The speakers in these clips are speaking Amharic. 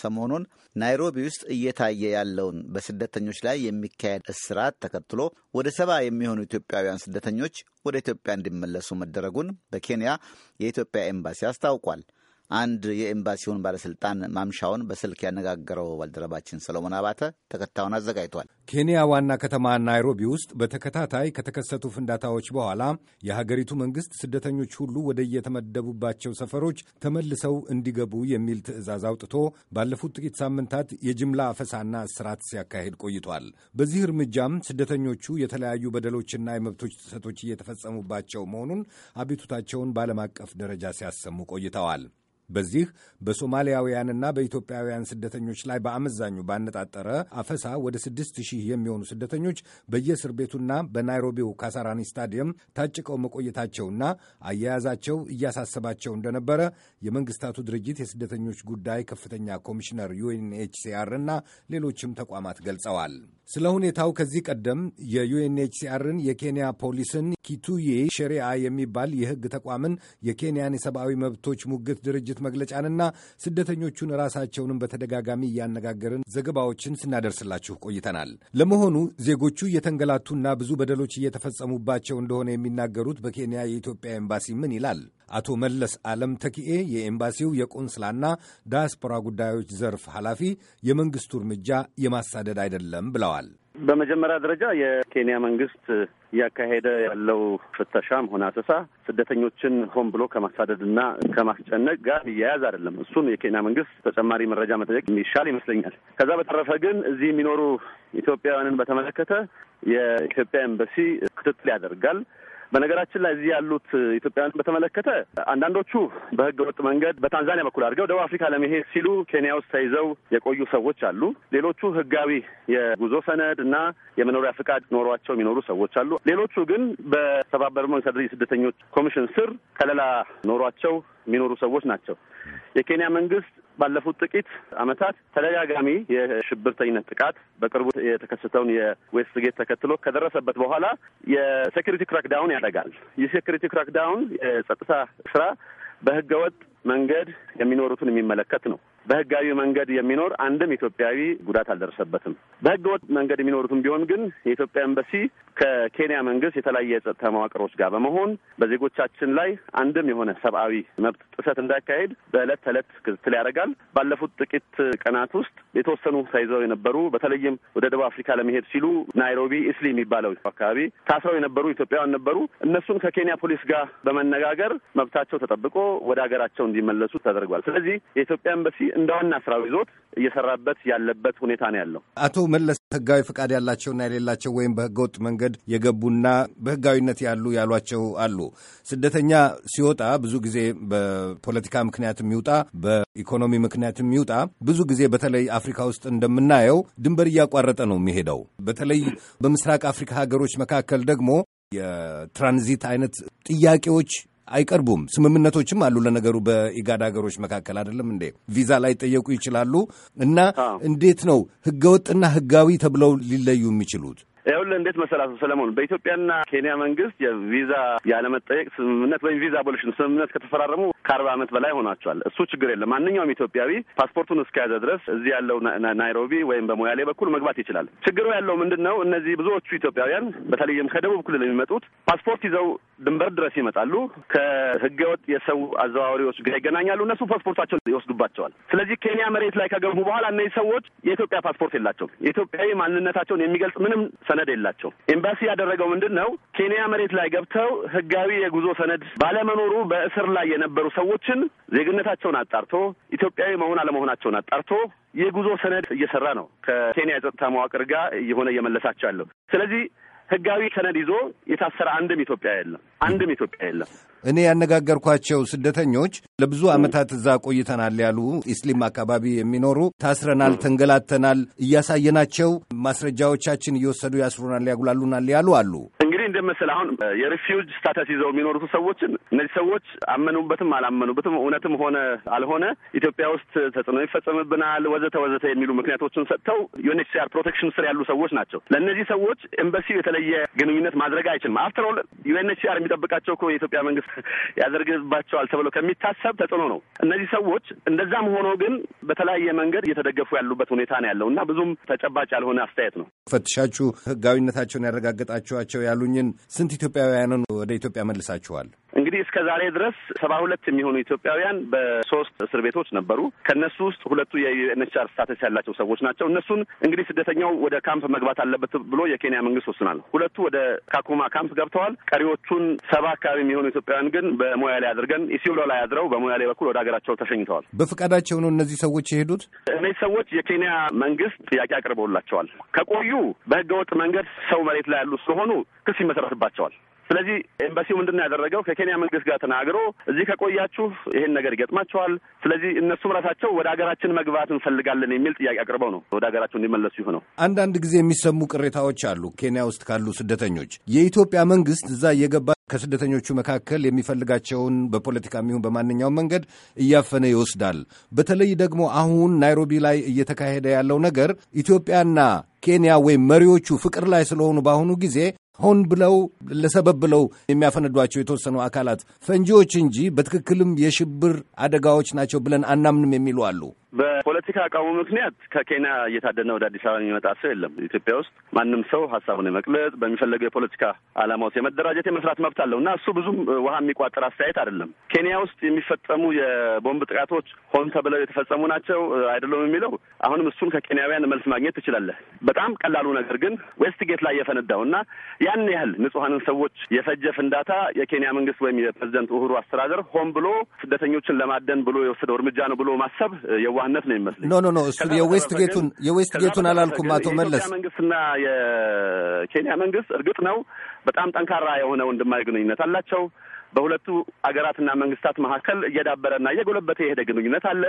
ሰሞኑን ናይሮቢ ውስጥ እየታየ ያለውን በስደተኞች ላይ የሚካሄድ እስራት ተከትሎ ወደ ሰባ የሚሆኑ ኢትዮጵያውያን ስደተኞች ወደ ኢትዮጵያ እንዲመለሱ መደረጉን በኬንያ የኢትዮጵያ ኤምባሲ አስታውቋል። አንድ የኤምባሲውን ባለስልጣን ማምሻውን በስልክ ያነጋገረው ባልደረባችን ሰሎሞን አባተ ተከታዩን አዘጋጅቷል። ኬንያ ዋና ከተማ ናይሮቢ ውስጥ በተከታታይ ከተከሰቱ ፍንዳታዎች በኋላ የሀገሪቱ መንግስት ስደተኞች ሁሉ ወደ የተመደቡባቸው ሰፈሮች ተመልሰው እንዲገቡ የሚል ትዕዛዝ አውጥቶ ባለፉት ጥቂት ሳምንታት የጅምላ አፈሳና እስራት ሲያካሄድ ቆይቷል። በዚህ እርምጃም ስደተኞቹ የተለያዩ በደሎችና የመብቶች ጥሰቶች እየተፈጸሙባቸው መሆኑን አቤቱታቸውን በዓለም አቀፍ ደረጃ ሲያሰሙ ቆይተዋል። በዚህ በሶማሊያውያንና በኢትዮጵያውያን ስደተኞች ላይ በአመዛኙ ባነጣጠረ አፈሳ ወደ ስድስት ሺህ የሚሆኑ ስደተኞች በየእስር ቤቱና በናይሮቢው ካሳራኒ ስታዲየም ታጭቀው መቆየታቸውና አያያዛቸው እያሳሰባቸው እንደነበረ የመንግስታቱ ድርጅት የስደተኞች ጉዳይ ከፍተኛ ኮሚሽነር ዩኤንኤችሲአር እና ሌሎችም ተቋማት ገልጸዋል። ስለ ሁኔታው ከዚህ ቀደም የዩኤንኤችሲአርን፣ የኬንያ ፖሊስን፣ ኪቱዬ ሸሪአ የሚባል የህግ ተቋምን፣ የኬንያን የሰብአዊ መብቶች ሙግት ድርጅት መግለጫንና ስደተኞቹን ራሳቸውንም በተደጋጋሚ እያነጋገርን ዘገባዎችን ስናደርስላችሁ ቆይተናል። ለመሆኑ ዜጎቹ እየተንገላቱና ብዙ በደሎች እየተፈጸሙባቸው እንደሆነ የሚናገሩት በኬንያ የኢትዮጵያ ኤምባሲ ምን ይላል? አቶ መለስ አለም ተኪኤ የኤምባሲው የቆንስላና ዳያስፖራ ጉዳዮች ዘርፍ ኃላፊ የመንግስቱ እርምጃ የማሳደድ አይደለም ብለዋል። በመጀመሪያ ደረጃ የኬንያ መንግስት እያካሄደ ያለው ፍተሻም ሆነ አሰሳ ስደተኞችን ሆን ብሎ ከማሳደድና ከማስጨነቅ ጋር እያያዝ አይደለም። እሱን የኬንያ መንግስት ተጨማሪ መረጃ መጠየቅ የሚሻል ይመስለኛል። ከዛ በተረፈ ግን እዚህ የሚኖሩ ኢትዮጵያውያንን በተመለከተ የኢትዮጵያ ኤምባሲ ክትትል ያደርጋል። በነገራችን ላይ እዚህ ያሉት ኢትዮጵያውያን በተመለከተ አንዳንዶቹ በህገ ወጥ መንገድ በታንዛኒያ በኩል አድርገው ደቡብ አፍሪካ ለመሄድ ሲሉ ኬንያ ውስጥ ተይዘው የቆዩ ሰዎች አሉ። ሌሎቹ ህጋዊ የጉዞ ሰነድ እና የመኖሪያ ፍቃድ ኖሯቸው የሚኖሩ ሰዎች አሉ። ሌሎቹ ግን በተባበሩት መንግስታት ስደተኞች ኮሚሽን ስር ከለላ ኖሯቸው የሚኖሩ ሰዎች ናቸው። የኬንያ መንግስት ባለፉት ጥቂት ዓመታት ተደጋጋሚ የሽብርተኝነት ጥቃት በቅርቡ የተከሰተውን የዌስትጌት ተከትሎ ከደረሰበት በኋላ የሴኩሪቲ ክራክዳውን ያደርጋል። የሴኩሪቲ ክራክዳውን የጸጥታ ስራ በህገወጥ መንገድ የሚኖሩትን የሚመለከት ነው። በህጋዊ መንገድ የሚኖር አንድም ኢትዮጵያዊ ጉዳት አልደረሰበትም። በህገ ወጥ መንገድ የሚኖሩትም ቢሆን ግን የኢትዮጵያ ኤምባሲ ከኬንያ መንግስት የተለያየ የጸጥታ መዋቅሮች ጋር በመሆን በዜጎቻችን ላይ አንድም የሆነ ሰብአዊ መብት ጥሰት እንዳይካሄድ በዕለት ተዕለት ክትትል ያደርጋል። ባለፉት ጥቂት ቀናት ውስጥ የተወሰኑ ተይዘው የነበሩ በተለይም ወደ ደቡብ አፍሪካ ለመሄድ ሲሉ ናይሮቢ ኢስሊ የሚባለው አካባቢ ታስረው የነበሩ ኢትዮጵያውያን ነበሩ። እነሱን ከኬንያ ፖሊስ ጋር በመነጋገር መብታቸው ተጠብቆ ወደ ሀገራቸው እንዲመለሱ ተደርጓል። ስለዚህ የኢትዮጵያ ኤምባሲ እንደ ዋና ስራው ይዞት እየሰራበት ያለበት ሁኔታ ነው ያለው። አቶ መለስ ህጋዊ ፈቃድ ያላቸውና የሌላቸው ወይም በህገወጥ መንገድ የገቡና በህጋዊነት ያሉ ያሏቸው አሉ። ስደተኛ ሲወጣ ብዙ ጊዜ በፖለቲካ ምክንያት የሚውጣ በኢኮኖሚ ምክንያት የሚውጣ ብዙ ጊዜ በተለይ አፍሪካ ውስጥ እንደምናየው ድንበር እያቋረጠ ነው የሚሄደው። በተለይ በምስራቅ አፍሪካ ሀገሮች መካከል ደግሞ የትራንዚት አይነት ጥያቄዎች አይቀርቡም። ስምምነቶችም አሉ ለነገሩ በኢጋድ ሀገሮች መካከል አይደለም እንዴ? ቪዛ ላይ ጠየቁ ይችላሉ። እና እንዴት ነው ህገወጥና ህጋዊ ተብለው ሊለዩ የሚችሉት? ይኸውልህ እንዴት መሰላት ሰለሞን፣ በኢትዮጵያና ኬንያ መንግስት የቪዛ ያለመጠየቅ ስምምነት ወይም ቪዛ አቦሊሽን ስምምነት ከተፈራረሙ ከአርባ ዓመት በላይ ሆኗቸዋል። እሱ ችግር የለም። ማንኛውም ኢትዮጵያዊ ፓስፖርቱን እስከያዘ ድረስ እዚህ ያለው ናይሮቢ ወይም በሞያሌ በኩል መግባት ይችላል። ችግሩ ያለው ምንድን ነው? እነዚህ ብዙዎቹ ኢትዮጵያውያን በተለይም ከደቡብ ክልል የሚመጡት ፓስፖርት ይዘው ድንበር ድረስ ይመጣሉ። ከህገወጥ የሰው አዘዋዋሪዎች ጋር ይገናኛሉ። እነሱ ፓስፖርታቸውን ይወስዱባቸዋል። ስለዚህ ኬንያ መሬት ላይ ከገቡ በኋላ እነዚህ ሰዎች የኢትዮጵያ ፓስፖርት የላቸውም። የኢትዮጵያዊ ማንነታቸውን የሚገልጽ ምንም ሰነድ የላቸውም። ኤምባሲ ያደረገው ምንድን ነው? ኬንያ መሬት ላይ ገብተው ህጋዊ የጉዞ ሰነድ ባለመኖሩ በእስር ላይ የነበሩ ሰዎችን ዜግነታቸውን አጣርቶ ኢትዮጵያዊ መሆን አለመሆናቸውን አጣርቶ የጉዞ ሰነድ እየሰራ ነው ከኬንያ የጸጥታ መዋቅር ጋር የሆነ እየመለሳቸው ያለው ስለዚህ ህጋዊ ሰነድ ይዞ የታሰረ አንድም ኢትዮጵያ የለም። አንድም ኢትዮጵያ የለም። እኔ ያነጋገርኳቸው ስደተኞች ለብዙ ዓመታት እዛ ቆይተናል ያሉ ኢስሊም አካባቢ የሚኖሩ ታስረናል፣ ተንገላተናል፣ እያሳየናቸው ማስረጃዎቻችን እየወሰዱ ያስሩናል፣ ያጉላሉናል ያሉ አሉ። እንደመሰለ አሁን የሪፊውጅ ስታተስ ይዘው የሚኖሩት ሰዎችን እነዚህ ሰዎች አመኑበትም አላመኑበትም እውነትም ሆነ አልሆነ ኢትዮጵያ ውስጥ ተጽዕኖ ይፈጸምብናል ወዘተ ወዘተ የሚሉ ምክንያቶችን ሰጥተው ዩኤንኤችሲአር ፕሮቴክሽን ስር ያሉ ሰዎች ናቸው። ለእነዚህ ሰዎች ኤምባሲው የተለየ ግንኙነት ማድረግ አይችልም። አፍተሮል ዩኤንኤችሲአር የሚጠብቃቸው እኮ የኢትዮጵያ መንግስት ያደርግባቸዋል ተብሎ ከሚታሰብ ተጽዕኖ ነው። እነዚህ ሰዎች እንደዛም ሆኖ ግን በተለያየ መንገድ እየተደገፉ ያሉበት ሁኔታ ነው ያለው እና ብዙም ተጨባጭ ያልሆነ አስተያየት ነው። ፈትሻችሁ ህጋዊነታቸውን ያረጋገጣችኋቸው ያሉኝ ስንት ኢትዮጵያውያንን ወደ ኢትዮጵያ መልሳችኋል? እንግዲህ እስከ ዛሬ ድረስ ሰባ ሁለት የሚሆኑ ኢትዮጵያውያን በሶስት እስር ቤቶች ነበሩ። ከእነሱ ውስጥ ሁለቱ የዩኤንኤችሲአር ስታተስ ያላቸው ሰዎች ናቸው። እነሱን እንግዲህ ስደተኛው ወደ ካምፕ መግባት አለበት ብሎ የኬንያ መንግስት ወስናል። ሁለቱ ወደ ካኩማ ካምፕ ገብተዋል። ቀሪዎቹን ሰባ አካባቢ የሚሆኑ ኢትዮጵያውያን ግን በሞያሌ አድርገን ኢሲዮሎ ላይ አድረው በሞያሌ በኩል ወደ ሀገራቸው ተሸኝተዋል። በፈቃዳቸው ነው እነዚህ ሰዎች የሄዱት። እነዚህ ሰዎች የኬንያ መንግስት ጥያቄ አቅርበውላቸዋል። ከቆዩ በህገወጥ መንገድ ሰው መሬት ላይ ያሉ ስለሆኑ ክስ ይመሰረትባቸዋል። ስለዚህ ኤምባሲው ምንድን ነው ያደረገው? ከኬንያ መንግስት ጋር ተናግሮ እዚህ ከቆያችሁ ይሄን ነገር ይገጥማቸዋል። ስለዚህ እነሱም ራሳቸው ወደ ሀገራችን መግባት እንፈልጋለን የሚል ጥያቄ አቅርበው ነው ወደ ሀገራቸው እንዲመለሱ ይሁ ነው። አንዳንድ ጊዜ የሚሰሙ ቅሬታዎች አሉ። ኬንያ ውስጥ ካሉ ስደተኞች የኢትዮጵያ መንግስት እዛ እየገባ ከስደተኞቹ መካከል የሚፈልጋቸውን በፖለቲካ ይሁን በማንኛውም መንገድ እያፈነ ይወስዳል። በተለይ ደግሞ አሁን ናይሮቢ ላይ እየተካሄደ ያለው ነገር ኢትዮጵያና ኬንያ ወይም መሪዎቹ ፍቅር ላይ ስለሆኑ በአሁኑ ጊዜ ሆን ብለው ለሰበብ ብለው የሚያፈነዷቸው የተወሰኑ አካላት ፈንጂዎች እንጂ በትክክልም የሽብር አደጋዎች ናቸው ብለን አናምንም የሚሉ አሉ። በፖለቲካ አቋሙ ምክንያት ከኬንያ እየታደነ ወደ አዲስ አበባ የሚመጣ ሰው የለም። ኢትዮጵያ ውስጥ ማንም ሰው ሀሳቡን የመግለጽ በሚፈለገው የፖለቲካ ዓላማ ውስጥ የመደራጀት የመስራት መብት አለው እና እሱ ብዙም ውሃ የሚቋጠር አስተያየት አይደለም። ኬንያ ውስጥ የሚፈጸሙ የቦምብ ጥቃቶች ሆን ተብለው የተፈጸሙ ናቸው አይደለም የሚለው አሁንም እሱን ከኬንያውያን መልስ ማግኘት ትችላለህ። በጣም ቀላሉ ነገር ግን ጌት ላይ የፈነዳው እና ያን ያህል ንጹሐንን ሰዎች የፈጀ ፍንዳታ የኬንያ መንግስት ወይም የፕሬዚደንት ኡሁሩ አስተዳደር ሆን ብሎ ስደተኞችን ለማደን ብሎ የወሰደው እርምጃ ነው ብሎ ማሰብ የዋ መጓነት ነው ይመስለኝ። ኖ ኖ ኖ እሱ የዌስት ጌቱን የዌስት ጌቱን አላልኩም አቶ መለስ። መንግስትና የኬንያ መንግስት እርግጥ ነው በጣም ጠንካራ የሆነ ወንድማዊ ግንኙነት አላቸው። በሁለቱ አገራትና መንግስታት መካከል እየዳበረና እየጎለበተ የሄደ ግንኙነት አለ።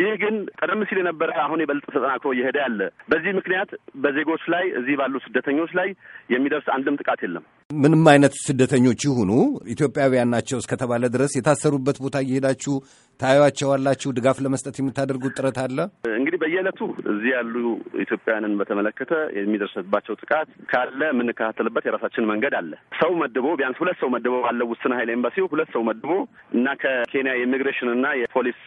ይህ ግን ቀደም ሲል የነበረ አሁን የበልጥ ተጠናክሮ እየሄደ ያለ፣ በዚህ ምክንያት በዜጎች ላይ እዚህ ባሉ ስደተኞች ላይ የሚደርስ አንድም ጥቃት የለም። ምንም አይነት ስደተኞች ይሁኑ ኢትዮጵያውያን ናቸው እስከተባለ ድረስ የታሰሩበት ቦታ እየሄዳችሁ ታዩዋቸዋላችሁ? ድጋፍ ለመስጠት የምታደርጉት ጥረት አለ? እንግዲህ በየዕለቱ እዚህ ያሉ ኢትዮጵያውያንን በተመለከተ የሚደርስባቸው ጥቃት ካለ የምንከታተልበት የራሳችን መንገድ አለ። ሰው መድቦ ቢያንስ ሁለት ሰው መድቦ ባለ ውስን ኃይል ኤምባሲው ሁለት ሰው መድቦ እና ከኬንያ የኢሚግሬሽን እና የፖሊስ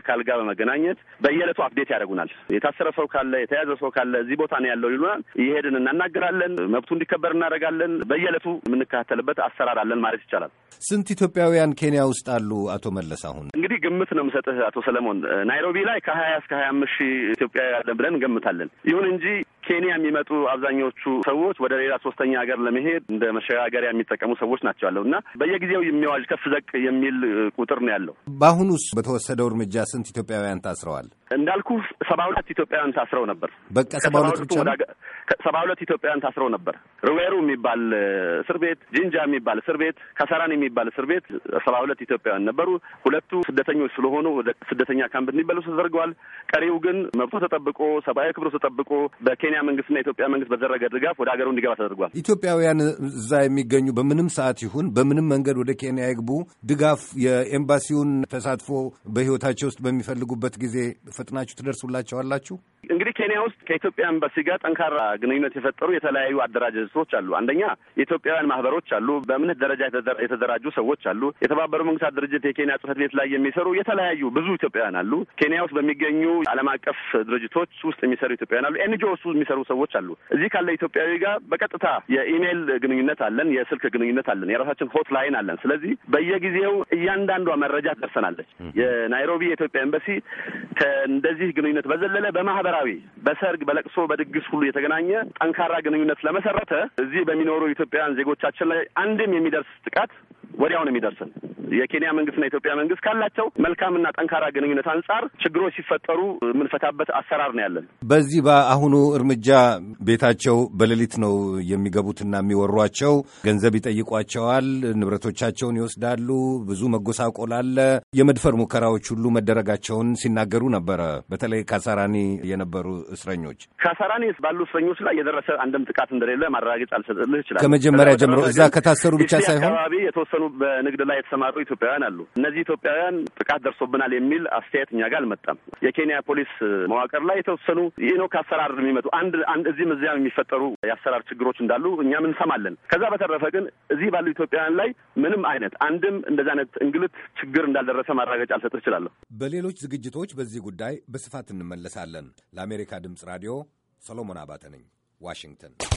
አካል ጋር በመገናኘት በየዕለቱ አፕዴት ያደርጉናል። የታሰረ ሰው ካለ የተያዘ ሰው ካለ እዚህ ቦታ ነው ያለው ይሉናል። ይሄድን እናናገራለን። መብቱ እንዲከበር እናደርጋለን። በየዕለቱ በየዕለቱ የምንከታተልበት አሰራር አለን ማለት ይቻላል። ስንት ኢትዮጵያውያን ኬንያ ውስጥ አሉ? አቶ መለስ አሁን እንግዲህ ግምት ነው የምሰጥህ አቶ ሰለሞን፣ ናይሮቢ ላይ ከሀያ እስከ ሀያ አምስት ሺህ ኢትዮጵያውያን አለን ብለን እንገምታለን። ይሁን እንጂ ኬንያ የሚመጡ አብዛኛዎቹ ሰዎች ወደ ሌላ ሶስተኛ ሀገር ለመሄድ እንደ መሸጋገሪያ የሚጠቀሙ ሰዎች ናቸው ያለው እና በየጊዜው የሚዋዥ ከፍ ዘቅ የሚል ቁጥር ነው ያለው። በአሁኑስ በተወሰደው እርምጃ ስንት ኢትዮጵያውያን ታስረዋል? እንዳልኩ ሰባ ሁለት ኢትዮጵያውያን ታስረው ነበር። በቃ ሰባ ሁለት ብቻ ሰባ ሁለት ኢትዮጵያውያን ታስረው ነበር። ሩቤሩ የሚባል እስር ቤት፣ ጂንጃ የሚባል እስር ቤት፣ ከሰራን የሚባል እስር ቤት ሰባ ሁለት ኢትዮጵያውያን ነበሩ። ሁለቱ ስደተኞች ስለሆኑ ወደ ስደተኛ ካምፕ እንዲመለሱ ተደርገዋል። ቀሪው ግን መብቶ ተጠብቆ ሰብአዊ ክብሮ ተጠብቆ በኬንያ መንግስትና ኢትዮጵያ መንግስት በተደረገ ድጋፍ ወደ ሀገሩ እንዲገባ ተደርጓል። ኢትዮጵያውያን እዛ የሚገኙ በምንም ሰዓት ይሁን በምንም መንገድ ወደ ኬንያ ይግቡ ድጋፍ የኤምባሲውን ተሳትፎ በህይወታቸው ውስጥ በሚፈልጉበት ጊዜ ፈጥናችሁ ትደርሱላቸዋላችሁ። እንግዲህ ኬንያ ውስጥ ከኢትዮጵያ ኤምባሲ ጋር ጠንካራ ግንኙነት የፈጠሩ የተለያዩ አደራጀቶች አሉ። አንደኛ የኢትዮጵያውያን ማህበሮች አሉ። በእምነት ደረጃ የተደራጁ ሰዎች አሉ። የተባበሩ መንግስታት ድርጅት የኬንያ ጽህፈት ቤት ላይ የሚሰሩ የተለያዩ ብዙ ኢትዮጵያውያን አሉ። ኬንያ ውስጥ በሚገኙ ዓለም አቀፍ ድርጅቶች ውስጥ የሚሰሩ ኢትዮጵያውያን አሉ። ውስጥ የሚሰሩ ሰዎች አሉ። እዚህ ካለ ኢትዮጵያዊ ጋር በቀጥታ የኢሜይል ግንኙነት አለን፣ የስልክ ግንኙነት አለን፣ የራሳችን ሆት ላይን አለን። ስለዚህ በየጊዜው እያንዳንዷ መረጃ ደርሰናለች። የናይሮቢ የኢትዮጵያ ኤምባሲ ከእንደዚህ ግንኙነት በዘለለ በማህበራዊ በሰርግ፣ በለቅሶ፣ በድግስ ሁሉ የተገናኘ የተገናኘ ጠንካራ ግንኙነት ስለመሰረተ እዚህ በሚኖሩ ኢትዮጵያውያን ዜጎቻችን ላይ አንድም የሚደርስ ጥቃት ወዲያውን የሚደርስን። የኬንያ መንግስትና የኢትዮጵያ መንግስት ካላቸው መልካምና ጠንካራ ግንኙነት አንጻር ችግሮች ሲፈጠሩ የምንፈታበት አሰራር ነው ያለን። በዚህ በአሁኑ እርምጃ ቤታቸው በሌሊት ነው የሚገቡትና የሚወሯቸው። ገንዘብ ይጠይቋቸዋል፣ ንብረቶቻቸውን ይወስዳሉ። ብዙ መጎሳቆል አለ። የመድፈር ሙከራዎች ሁሉ መደረጋቸውን ሲናገሩ ነበረ። በተለይ ካሳራኒ የነበሩ እስረኞች ካሳራኒ ባሉ እስረኞች ላይ የደረሰ አንድም ጥቃት እንደሌለ ማረጋገጫ አልሰጥልህ ይችላል። ከመጀመሪያ ጀምሮ እዛ ከታሰሩ ብቻ ሳይሆን አካባቢ የተወሰኑ በንግድ ላይ የተሰማሩ ኢትዮጵያውያን አሉ። እነዚህ ኢትዮጵያውያን ጥቃት ደርሶብናል የሚል አስተያየት እኛ ጋር አልመጣም። የኬንያ ፖሊስ መዋቅር ላይ የተወሰኑ ይህ ነው ከአሰራር የሚመጡ አንድ አንድ እዚህም እዚያም የሚፈጠሩ የአሰራር ችግሮች እንዳሉ እኛም እንሰማለን። ከዛ በተረፈ ግን እዚህ ባሉ ኢትዮጵያውያን ላይ ምንም አይነት አንድም እንደዚህ አይነት እንግልት ችግር እንዳልደረሰ ማረጋገጫ ልሰጥ እችላለሁ። በሌሎች ዝግጅቶች በዚህ ጉዳይ በስፋት እንመለሳለን። ለአሜሪካ ድምፅ ራዲዮ ሰሎሞን አባተ ነኝ፣ ዋሽንግተን